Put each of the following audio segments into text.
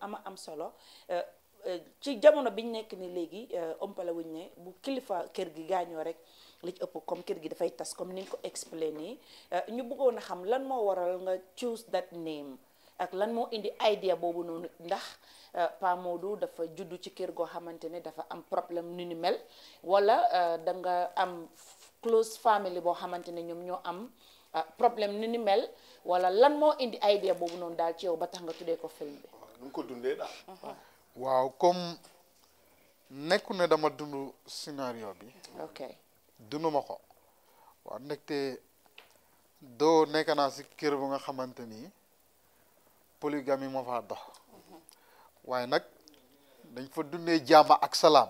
ama am solo euh, euh, ci jamono bi ñu nekk ni léegi euh, ompale wuñ ne bu kilifa kër gi gaañoo rek li ci ëpp comme kër gi dafay tas comme ni nga ko expliqué ñu buggoon a xam lan moo waral nga choose that name ak lan moo indi idea boobu noonu ndax Pa dafa juddu ci kër goo xamante ne dafa am problème nu ni mel wala da nga am close family boo xamante ne ñoom ñoo am problème nu ni mel wala lan moo indi idea boobu noonu daal ci yow ba tax nga tuddee ko film nu mu ko dundee daal. waaw comme nekku ne dama dund scénario bi. dundu ma ko. waaw ndaxte doo nekk naa si kër bu nga xamante ni polygamie moo faa dox. waaye nag dañ fa dundee jaama ak salaam.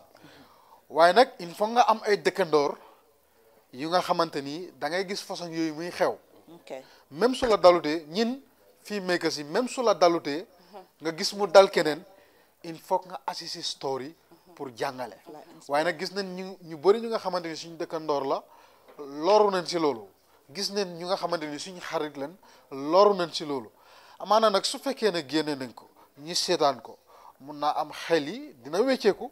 waaye nag il faut nga am ay dëkkandoor yu nga xamante ni da ngay gis façon yooyu muy xew. même su la dalutee ñin fii meekas si même su la dalutee. nga gis mu dal keneen il faut nga assi assisi story pour jàngale waaye nag gis nañ ñu ñu bëri ñu nga xamante ni suñu dëkkandoor la loru nañ si loolu gis nañ ñu nga xamante ni suñu xarit leen loru nañ si loolu amaana nag su fekkee ne génne nañ ko ñi seetaan ko mun naa am xel yi dina wecceeku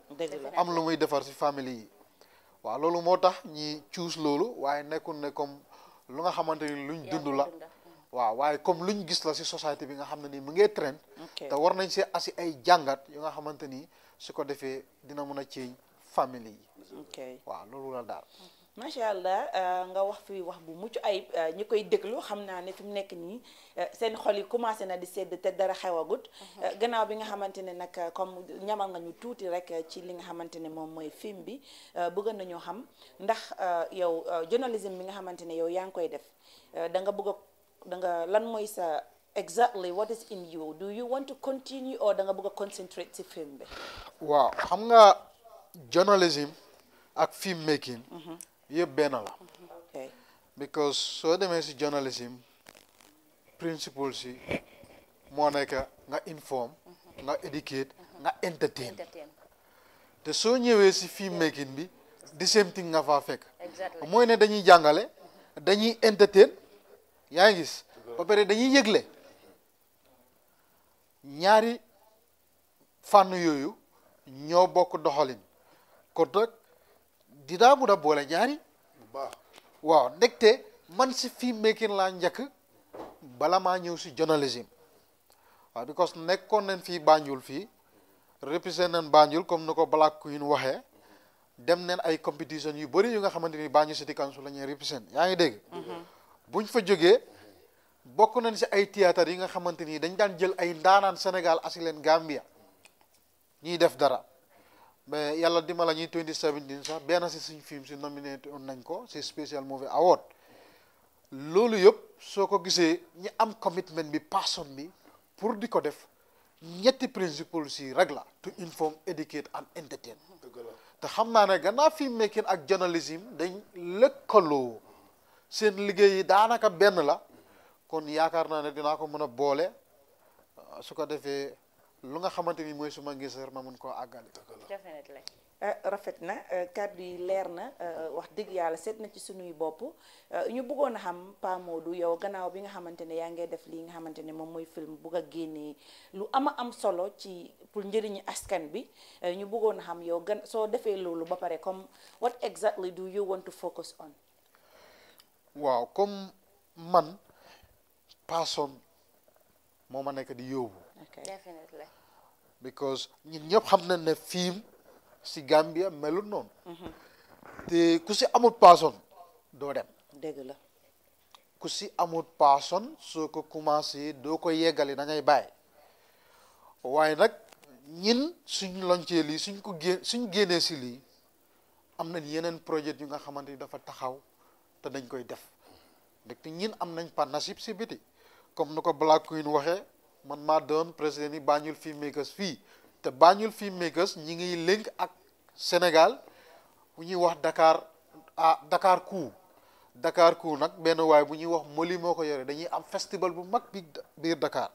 am lu muy defar si famille yi waaw loolu moo tax ñi cuus loolu waaye nekkul ne comme lu nga xamante ni luñ dund la waaw waaye comme lu ñu gis la si société bi nga xam ne nii mu ngee train te war nañ see asi ay jàngat yu nga xamante ni su ko defee dina mën a ci famille yi waaw loolu la daal macha allah euh, nga wax fi wax bu mucc ayib euh, ñi koy déglu xam naa ne fi mu nekk nii euh, seen xol yi commencé na di sedd te dara xewagut mhm. gannaaw bi nga xamante ne nag comme ñamal nga ñu tuuti rek ci li nga xamante ne moom mooy film bi bëgg nañoo xam ndax yow journalisme bi nga xamante ne yow yaa ngi koy def danga nga bëgg da nga lan mooy sa exactly what is in you do you want to continue or da nga bëgg a concentrate ci film bi. waaw xam nga journalism ak film making. yëpp benn la. ok because soo demee si journalism principles si moo nekk nga inform. nga educate nga entertain. te soo ñëwee si film making bi di same thing nga faa fekk. mooy ne dañuy jàngale dañuy entertain. yaa ngi gis ba dañuy yëgle ñaari fànn yooyu ñoo bokk doxalin kon nag dinaa mun a boole ñaari waaw ndegte man si film making laa njëkk bala maa ñëw si journalism waaw because nekkoon nañ fii Banjul fii représente nañ Banjul comme nu ko Black Queen waxee dem nañ ay compétition yu bëri yu nga xamante ni Banjul City Council la ñuy représente yaa ngi dégg mhm. buñ fa joggé bokku nañ ci ay théâtre yi nga xamanteni dañ daan jël ay ndaanan Sénégal asi len Gambia ñi def dara mais yàlla dimbala ñi 2017 sax ben ci suñ film ci nominé on nañ ko c'est special movie award lolu yëpp soko gisé ñi am commitment bi passion bi pour diko def ñetti principles si rek la to inform educate and entertain te xam naa ne gannaaw film making ak journalism dañ lëkkaloo seen liggéey yi daanaka benn la kon yaakaar naa ne dinaa ko mën a boole euh, su ko defee lu nga xamante ni mooy suma ngiseer ma mun koo àggale euh, rafet na euh, kàddu yi leer na wax dëgg yàlla seet na ci suñuy bopp ñu buggoon a xam Pa Modou yow gannaaw bi nga xamante ne yaa ngay def lii nga xamante ne moom mooy film bugg a génnee lu ama am solo ci pour njëriñu askan bi ñu buggoon a xam yow gan soo defee loolu ba pare comme what exactly do you want to focus on waaw comme man personne moo ma nekk di yóbbu. definitely because ñun ñëpp xam nañ ne film si Gambia melut noonu. Mhm. te ku amut personne doo dem. Kusi la. ku si amut personne soo ko commencé doo ko yeggali da ngay bàyyi waaye nag ñin suñ loncee lii suñ ko gén suñ génnee si lii am nañ yeneen projet yu nga xamante ni dafa taxaw te dañ koy def. dëgg ñin am nañ pas nasib comme ni ko Black Queen waxee man maa doon président yi Banjul filmmakers fii te baañul Banjul filmmakers ñi ngi link ak Sénégal bu ñuy wax Dakar ah dakaar Coup Dakar Coup nag benn waay bu ñuy wax Moli moo ko yore dañuy am festival bu mag bi biir dakaar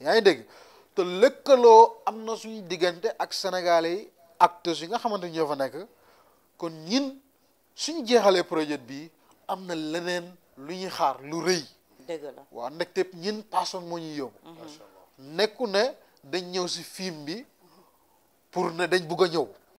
yaa ngi dégg te lëkkaloo am na suñu diggante ak Sénégalais yi yi nga xamante ñoo fa nekk kon ñin suñ jeexalee projet bi am na leneen lu ñuy xaar lu rëy. dëgg waaw nag te ñun personne moo ñuy yóbbu. nekku ne dañ ñëw si film bi pour ne dañ bugg a ñëw.